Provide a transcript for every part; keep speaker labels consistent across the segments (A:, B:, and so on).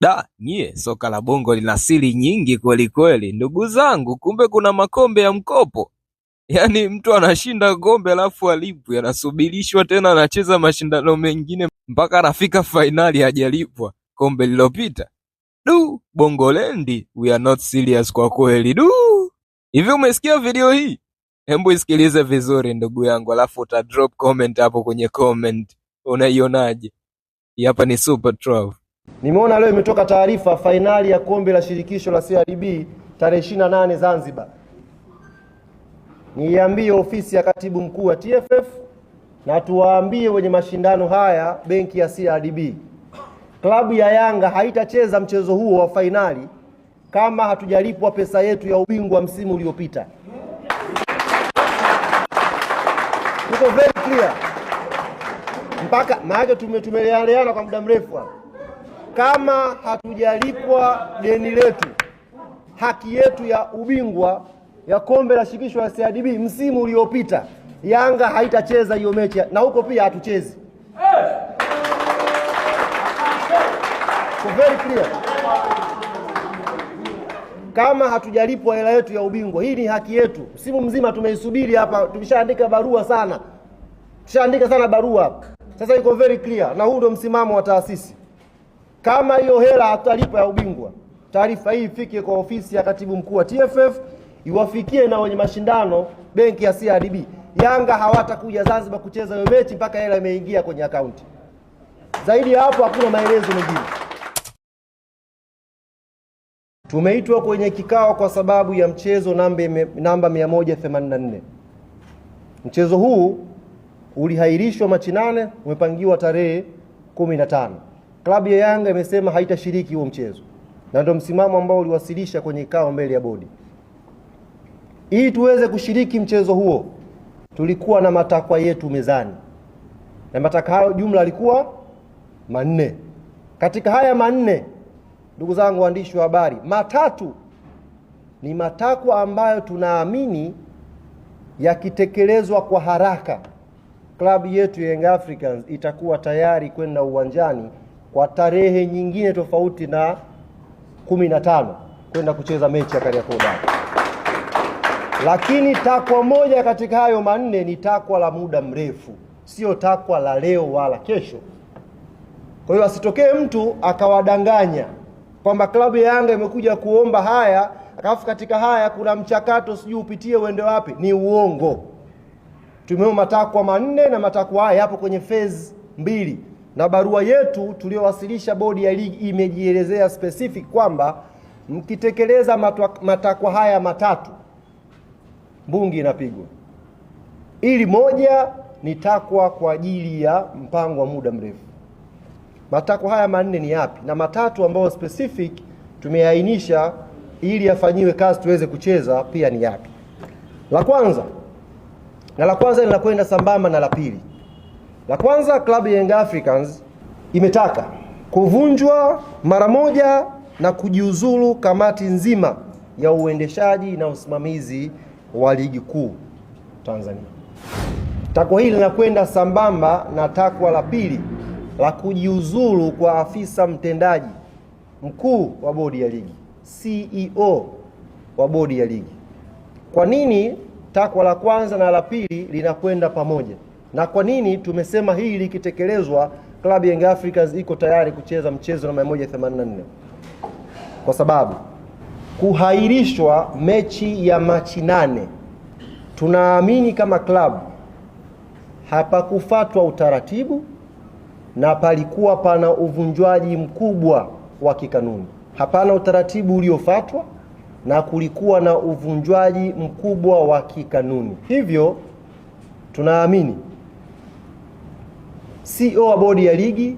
A: da nyie soka la bongo lina siri nyingi kweli kweli. ndugu zangu kumbe kuna makombe ya mkopo yaani mtu anashinda kombe alafu alipwe, anasubirishwa tena anacheza mashindano mengine mpaka anafika fainali hajalipwa kombe lilopita du bongolendi we are not serious kwa kweli du hivi umesikia video hii hembu isikilize vizuri ndugu yangu alafu uta drop comment hapo kwenye comment unaionaje hapa ni super trove
B: Nimeona leo imetoka taarifa fainali ya kombe la shirikisho la CRDB tarehe 28 Zanzibar. Niiambie ofisi ya katibu mkuu wa TFF na tuwaambie wenye mashindano haya benki ya CRDB, klabu ya Yanga haitacheza mchezo huo wa fainali kama hatujalipwa pesa yetu ya ubingwa msimu uliopita. Tuko very clear mpaka maana tume kwa muda mrefu hapa kama hatujalipwa deni letu, haki yetu ya ubingwa ya kombe la shirikisho la CRDB msimu uliopita, Yanga haitacheza hiyo mechi, na huko pia hatuchezi. So very clear, kama hatujalipwa hela yetu ya ubingwa, hii ni haki yetu. Msimu mzima tumeisubiri hapa, tumeshaandika barua sana, tushaandika sana barua. Sasa iko very clear, na huu ndio msimamo wa taasisi. Kama hiyo hela hatalipa ya ubingwa, taarifa hii ifike kwa ofisi ya katibu mkuu wa TFF iwafikie na wenye mashindano benki ya CRDB. Yanga hawatakuja Zanzibar kucheza hiyo mechi mpaka hela imeingia kwenye akaunti. Zaidi ya hapo hakuna maelezo mengine. Tumeitwa kwenye kikao kwa sababu ya mchezo namba namba 184. Mchezo huu ulihairishwa Machi nane, umepangiwa tarehe 15 klabu ya Yanga imesema haitashiriki huo mchezo, na ndio msimamo ambao uliwasilisha kwenye ikao mbele ya bodi. Ili tuweze kushiriki mchezo huo, tulikuwa na matakwa yetu mezani, na matakwa hayo jumla alikuwa manne. Katika haya manne, ndugu zangu waandishi wa habari, matatu ni matakwa ambayo tunaamini yakitekelezwa kwa haraka klabu yetu ya Young Africans itakuwa tayari kwenda uwanjani kwa tarehe nyingine tofauti na 15 kwenda kucheza mechi ya Kariakoo Derby. Lakini takwa moja katika hayo manne ni takwa la muda mrefu, sio takwa la leo wala kesho. Kwa hiyo asitokee mtu akawadanganya kwamba klabu ya Yanga imekuja kuomba haya, akafu katika haya kuna mchakato sijui upitie uende wapi. Ni uongo. tumeo matakwa manne na matakwa haya yapo kwenye phase mbili na barua yetu tuliyowasilisha bodi ya ligi imejielezea specific kwamba mkitekeleza matakwa haya matatu mbungi inapigwa, ili moja ni takwa kwa ajili ya mpango wa muda mrefu. Matakwa haya manne ni yapi? Na matatu ambayo specific tumeainisha ili yafanyiwe kazi tuweze kucheza pia ni yapi? La kwanza na la kwanza linakwenda sambamba na la pili la kwanza, klabu ya Young Africans imetaka kuvunjwa mara moja na kujiuzulu kamati nzima ya uendeshaji na usimamizi wa ligi kuu Tanzania. Takwa hili linakwenda sambamba na takwa la pili la kujiuzulu kwa afisa mtendaji mkuu wa bodi ya ligi, CEO wa bodi ya ligi. Kwa nini takwa la kwanza na la pili linakwenda pamoja? Na kwa nini tumesema hili likitekelezwa klabu ya Young Africans iko tayari kucheza mchezo namba 184? Kwa sababu kuhairishwa mechi ya Machi nane, tunaamini kama klabu hapakufatwa utaratibu na palikuwa pana uvunjwaji mkubwa wa kikanuni. Hapana utaratibu uliofatwa na kulikuwa na uvunjwaji mkubwa wa kikanuni, hivyo tunaamini CEO wa bodi ya ligi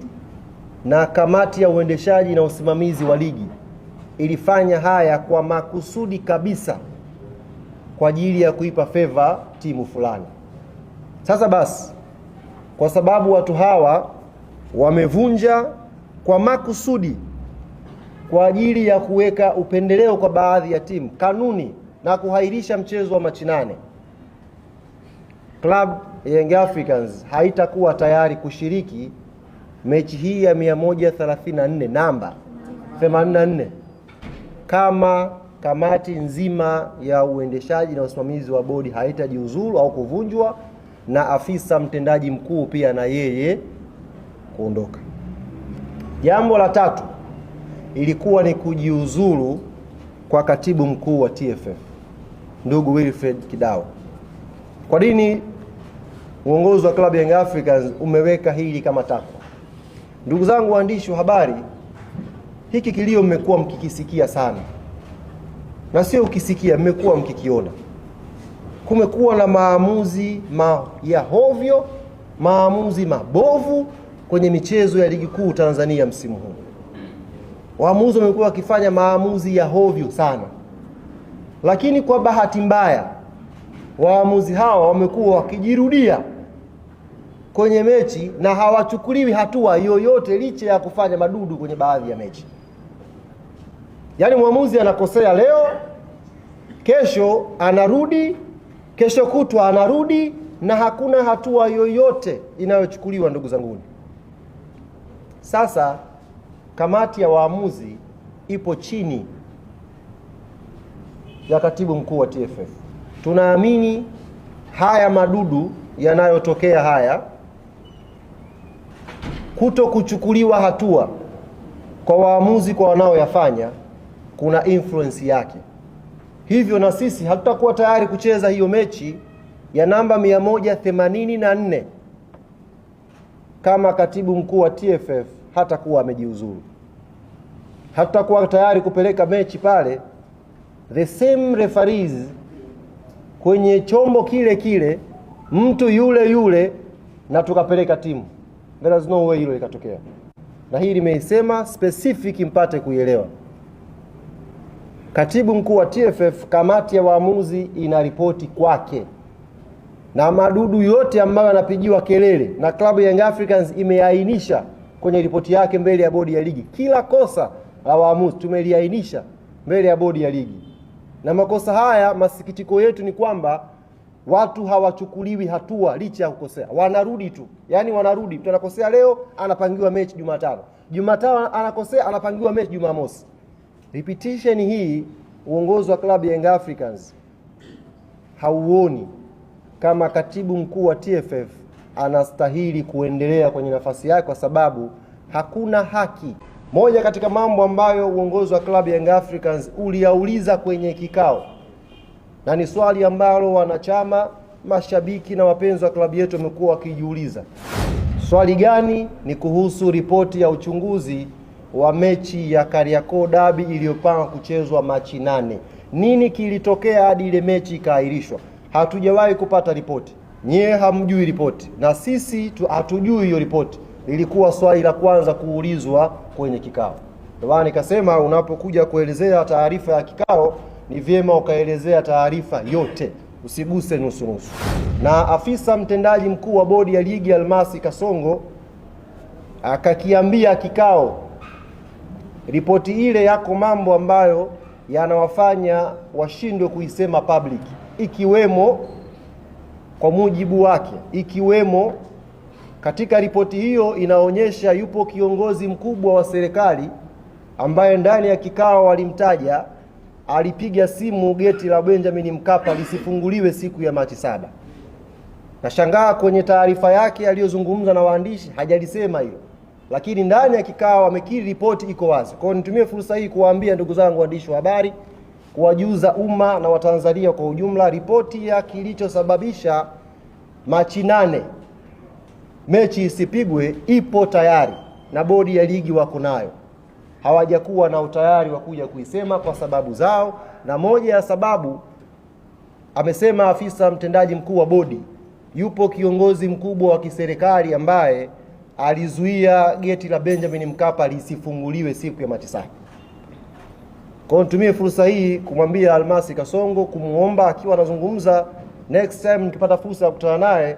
B: na kamati ya uendeshaji na usimamizi wa ligi ilifanya haya kwa makusudi kabisa kwa ajili ya kuipa feva timu fulani. Sasa basi, kwa sababu watu hawa wamevunja kwa makusudi kwa ajili ya kuweka upendeleo kwa baadhi ya timu kanuni na kuhairisha mchezo wa Machi nane club Young Africans haitakuwa tayari kushiriki mechi hii ya 134 namba 84 kama kamati nzima ya uendeshaji na usimamizi wa bodi haitajiuzuru au kuvunjwa na afisa mtendaji mkuu pia na yeye kuondoka. Jambo la tatu ilikuwa ni kujiuzuru kwa katibu mkuu wa TFF ndugu Wilfred Kidao. Kwa nini uongozi wa klabu ya Young Africans umeweka hili kama takwa. Ndugu zangu waandishi wa habari, hiki kilio mmekuwa mkikisikia sana, na sio ukisikia, mmekuwa mkikiona. Kumekuwa na maamuzi ma ya hovyo, maamuzi mabovu kwenye michezo ya ligi kuu Tanzania msimu huu. Waamuzi wamekuwa wakifanya maamuzi ya hovyo sana, lakini kwa bahati mbaya waamuzi hawa wamekuwa wakijirudia kwenye mechi na hawachukuliwi hatua yoyote licha ya kufanya madudu kwenye baadhi ya mechi. Yaani mwamuzi anakosea leo, kesho anarudi, kesho kutwa anarudi, na hakuna hatua yoyote inayochukuliwa. Ndugu zanguni, sasa kamati ya waamuzi ipo chini ya katibu mkuu wa TFF. Tunaamini haya madudu yanayotokea haya kuto kuchukuliwa hatua kwa waamuzi kwa wanaoyafanya kuna influence yake. Hivyo na sisi hatutakuwa tayari kucheza hiyo mechi ya namba 184 kama katibu mkuu wa TFF hatakuwa amejiuzuru. Hatutakuwa tayari kupeleka mechi pale the same referees kwenye chombo kile kile mtu yule yule na tukapeleka timu There is no way hilo likatokea, na hii nimeisema specific mpate kuielewa. Katibu mkuu wa TFF, kamati ya waamuzi ina ripoti kwake, na madudu yote ambayo anapigiwa kelele na klabu ya Young Africans imeainisha kwenye ripoti yake mbele ya bodi ya ligi. Kila kosa la waamuzi tumeliainisha mbele ya bodi ya ligi, na makosa haya, masikitiko yetu ni kwamba Watu hawachukuliwi hatua licha ya kukosea, wanarudi tu, yaani wanarudi. Mtu anakosea leo, anapangiwa mechi Jumatano, Jumatano anakosea, anapangiwa mechi Jumamosi. Repetition hii uongozi wa klabu ya Africans hauoni kama katibu mkuu wa TFF anastahili kuendelea kwenye nafasi yake, kwa sababu hakuna haki. Moja katika mambo ambayo uongozi wa klabu ya Africans uliyauliza kwenye kikao na ni swali ambalo wanachama, mashabiki na wapenzi wa klabu yetu wamekuwa wakijiuliza. Swali gani? Ni kuhusu ripoti ya uchunguzi wa mechi ya Kariakoo Dabi iliyopangwa kuchezwa Machi nane. Nini kilitokea hadi ile mechi ikaahirishwa? Hatujawahi kupata ripoti, nyie hamjui ripoti na sisi hatujui hiyo ripoti. ilikuwa swali la kwanza kuulizwa kwenye kikao, ndio maana nikasema unapokuja kuelezea taarifa ya kikao ni vyema ukaelezea taarifa yote, usiguse nusunusu. Na afisa mtendaji mkuu wa bodi ya ligi Almasi Kasongo akakiambia kikao, ripoti ile yako mambo ambayo yanawafanya washindwe kuisema public, ikiwemo kwa mujibu wake, ikiwemo katika ripoti hiyo inaonyesha yupo kiongozi mkubwa wa serikali ambaye ndani ya kikao walimtaja alipiga simu geti la Benjamin Mkapa lisifunguliwe siku ya Machi saba. Nashangaa kwenye taarifa yake aliyozungumza na waandishi hajalisema hiyo lakini ndani ya kikao amekiri ripoti iko wazi. Kwa hiyo nitumie fursa hii kuwaambia ndugu zangu waandishi wa habari, kuwajuza umma na Watanzania kwa ujumla ripoti ya kilichosababisha Machi nane mechi isipigwe ipo tayari na bodi ya ligi wako nayo hawajakuwa na utayari wa kuja kuisema kwa sababu zao, na moja ya sababu amesema afisa mtendaji mkuu wa bodi, yupo kiongozi mkubwa wa kiserikali ambaye alizuia geti la Benjamin Mkapa lisifunguliwe siku ya Matisaki. Kwa nitumie fursa hii kumwambia Almasi Kasongo, kumwomba akiwa anazungumza next time nikipata fursa ya kukutana naye